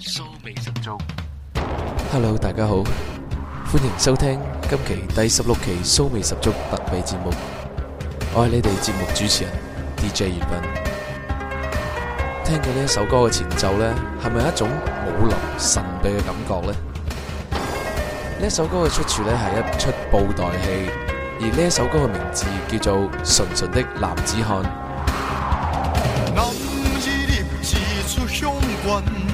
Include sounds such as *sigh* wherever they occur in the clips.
蘇味十足，Hello，大家好，歡迎收聽今期第十六期蘇味十足特備節目，我係你哋節目主持人 DJ 葉斌。聽過呢一首歌嘅前奏咧，係咪有一種武林神秘嘅感覺咧？呢一首歌嘅出處咧係一出布袋戲，而呢一首歌嘅名字叫做《純純的男子漢》。男兒立志出鄉關。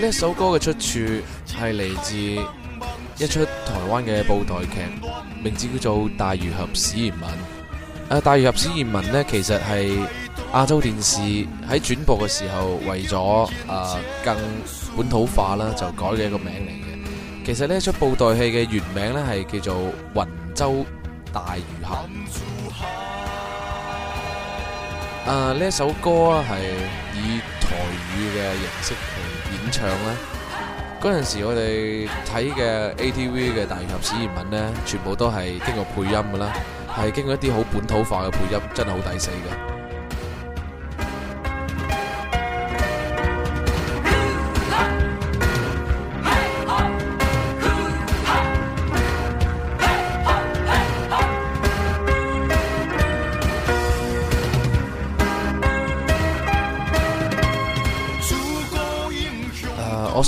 呢首歌嘅出處係嚟自一出台灣嘅布袋劇，名字叫做《大儒俠史艷文》。啊，《大儒俠史艷文》呢，其實係亞洲電視喺轉播嘅時候為咗啊更本土化啦，就改嘅一個名嚟嘅。其實呢一出布袋戲嘅原名呢，係叫做《雲州大儒俠》。啊，呢一首歌啊係以台語嘅形式。演唱啦，陣時候我哋睇嘅 ATV 嘅大儒俠史艷文咧，全部都係經過配音噶啦，係經過一啲好本土化嘅配音，真係好抵死嘅。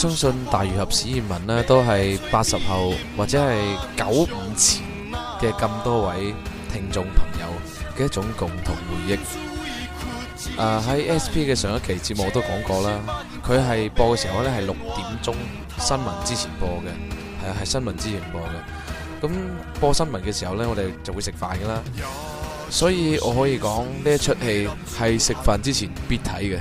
相信大儒俠史艷文呢都係八十後或者係九五前嘅咁多位聽眾朋友嘅一種共同回憶。誒喺 SP 嘅上一期節目我都講過啦，佢係播嘅時候呢係六點鐘新聞之前播嘅，係係新聞之前播嘅。咁播新聞嘅時候呢，我哋就會食飯噶啦，所以我可以講呢一齣戲係食飯之前必睇嘅。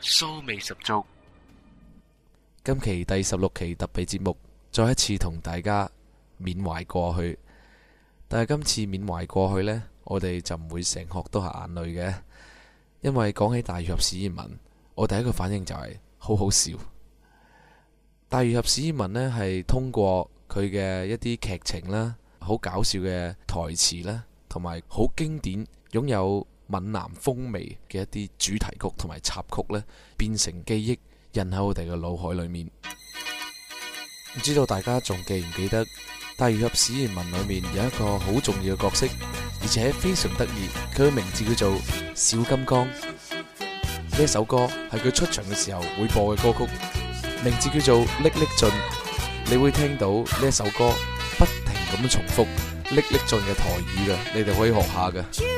酥味十足。今期第十六期特別節目，再一次同大家緬懷過去，但係今次緬懷過去呢，我哋就唔會成學都係眼淚嘅，因為講起大儒俠史艷我第一個反應就係、是、好好笑，大儒俠史艷文呢，係通過佢嘅一啲劇情啦，好搞笑嘅台詞啦，同埋好經典、擁有閩南風味嘅一啲主題曲同埋插曲呢，變成記憶印喺我哋嘅腦海裏面。唔知道大家仲記唔記得大儒俠史艷文裏面有一個好重要嘅角色，而且非常得意，佢嘅名字叫做小金剛。呢首歌係佢出場嘅時候會播嘅歌曲，名字叫做《叻叻盡》，你會聽到呢首歌不停咁重複《叻叻盡》嘅台語嘅，你哋可以學一下㗎。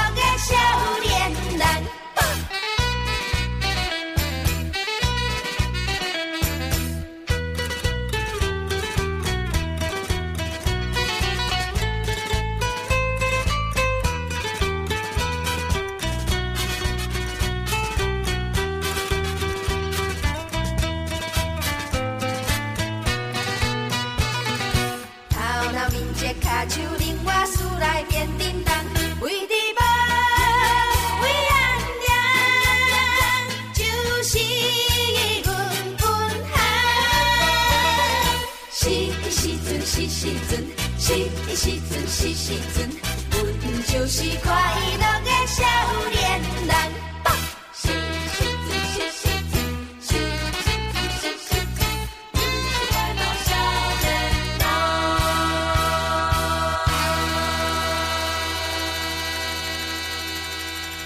是時陣，是時陣，是時陣，阮就是快樂的少年人。是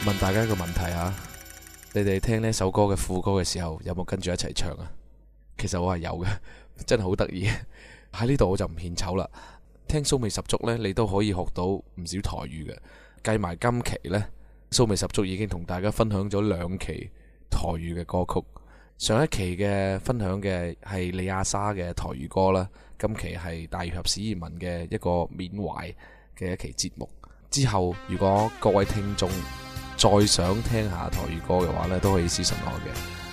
問大家一個問題啊，你哋聽呢首歌嘅副歌嘅時候，有冇跟住一齊唱啊？其實我係有嘅，真係好得意。喺呢度我就唔獻醜啦，聽蘇味十足呢，你都可以學到唔少台語嘅。計埋今期呢，蘇味十足已經同大家分享咗兩期台語嘅歌曲。上一期嘅分享嘅係李亞莎嘅台語歌啦，今期係大儒俠史艷文嘅一個緬懷嘅一期節目。之後如果各位聽眾再想聽一下台語歌嘅話呢，都可以私信我嘅。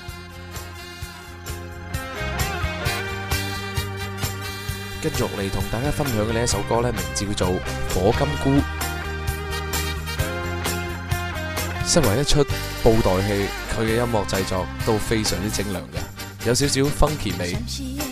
繼續嚟同大家分享嘅呢一首歌咧，名字叫做《火金菇》。身為一出布袋戲，佢嘅音樂製作都非常之精良嘅，有少少 funky 味。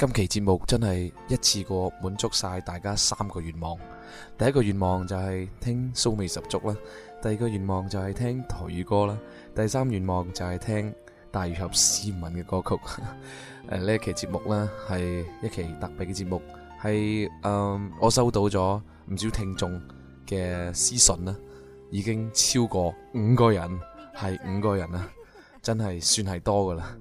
今期節目真係一次過滿足晒大家三個願望。第一個願望就係聽騷味十足啦，第二個願望就係聽台語歌啦，第三願望就係聽大儒俠史艷文嘅歌曲。呢 *laughs* 一期節目呢係一期特別嘅節目，係、嗯、我收到咗唔少聽眾嘅私信啦，已經超過五個人，係五個人啦，真係算係多噶啦。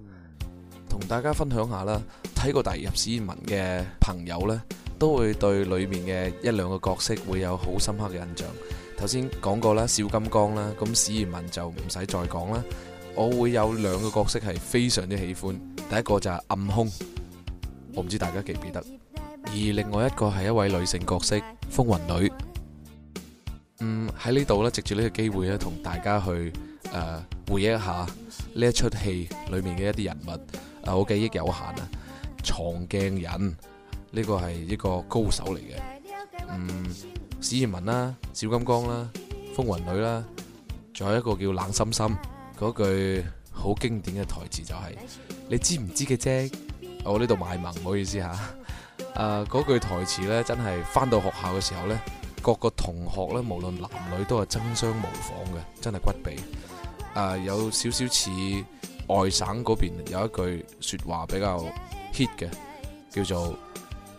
同大家分享下啦，睇過《大儒俠史艷文》嘅朋友咧，都會對裏面嘅一兩個角色會有好深刻嘅印象。頭先講過啦，小金剛啦，咁史艷文就唔使再講啦。我會有兩個角色係非常之喜歡，第一個就係暗空，我唔知大家記唔記得。而另外一個係一位女性角色，風雲女。嗯，喺呢度咧，藉住呢個機會咧，同大家去誒回憶一下呢一出戲裏面嘅一啲人物。我記憶有限啊！藏鏡人呢、這個係一個高手嚟嘅。嗯，史艷文啦、啊，小金剛啦、啊，風雲女啦、啊，仲有一個叫冷心心。嗰句好經典嘅台詞就係、是：你知唔知嘅啫？我呢度賣萌，唔好意思嚇、啊。誒、啊，嗰句台詞呢，真係返到學校嘅時候呢，各個同學呢，無論男女都係爭相模仿嘅，真係骨痹。誒、啊，有少少似。外省嗰邊有一句說話比較 hit 嘅，叫做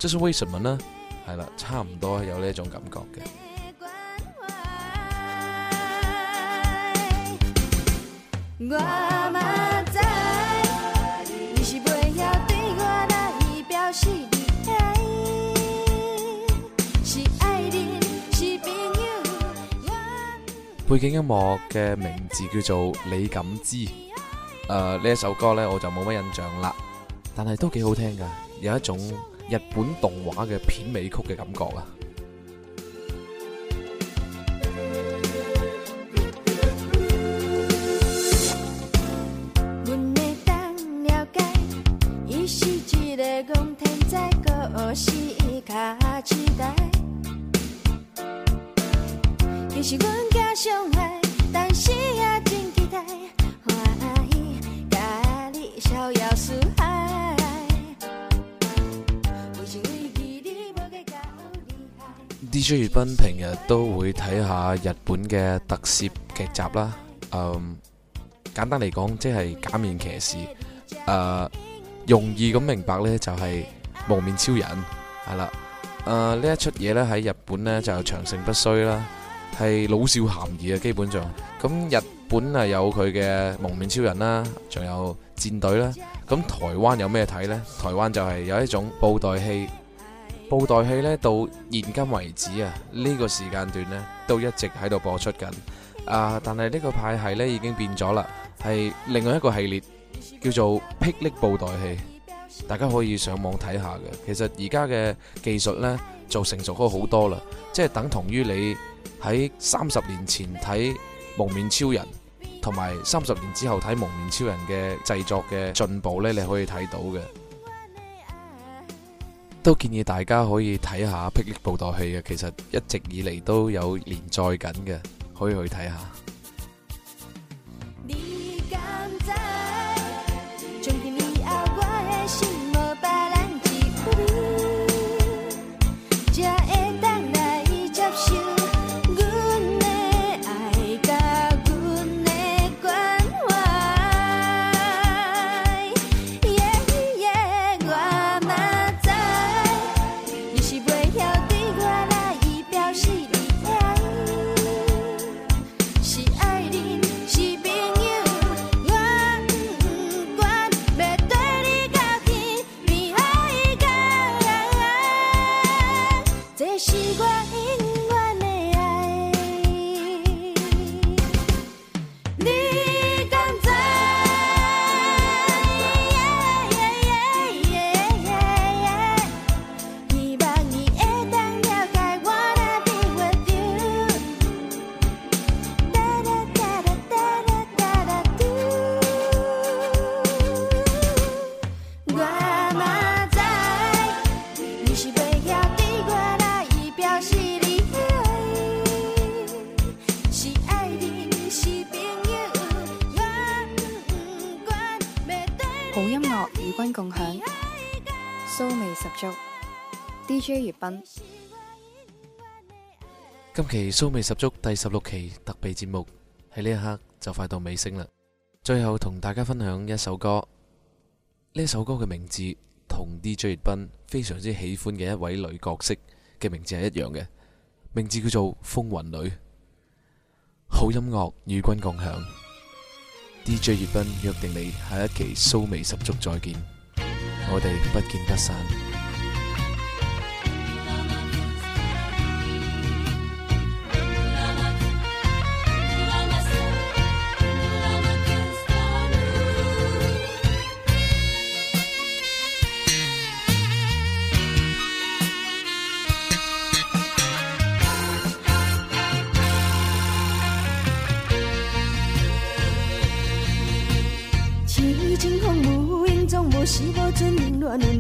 Just wait a minute，係啦，差唔多有呢一種感覺嘅。 *music* 背景音樂嘅名字叫做你敢知。呃呢一首歌咧，我就冇乜印象啦，但係都幾好聽噶，有一種日本動畫嘅片尾曲嘅感覺啊。朱悅斌平日都會睇下日本嘅特攝劇集啦。嗯，簡單嚟講，即係假面騎士。誒，容易咁明白呢，就係蒙面超人係啦。誒，呢一出嘢呢，喺日本呢就長盛不衰啦，係老少咸宜啊基本上。咁日本啊有佢嘅蒙面超人啦，仲有戰隊啦。咁台灣有咩睇呢？台灣就係有一種布袋戲。布袋戲咧到現今為止啊，呢個時間段咧都一直喺度播出緊。啊，但係呢個派系咧已經變咗啦，係另外一個系列叫做霹靂布袋戲，大家可以上網睇下嘅。其實而家嘅技術咧就成熟咗好多啦，即係等同於你喺三十年前睇蒙面超人，同埋三十年之後睇蒙面超人嘅製作嘅進步咧，你可以睇到嘅。都建議大家可以睇下《霹靂布袋戲》，其實一直以嚟都有連載緊嘅，可以去睇下。品，今期蘇味十足，第十六期特別節目喺呢一刻就快到尾聲啦！最後同大家分享一首歌，呢首歌嘅名字同 D.J. 葉斌非常之喜歡嘅一位女角色嘅名字係一樣嘅，名字叫做《風雲女》。好音樂與君共享，D.J. 葉斌約定你下一期蘇味十足再見，我哋不見不散。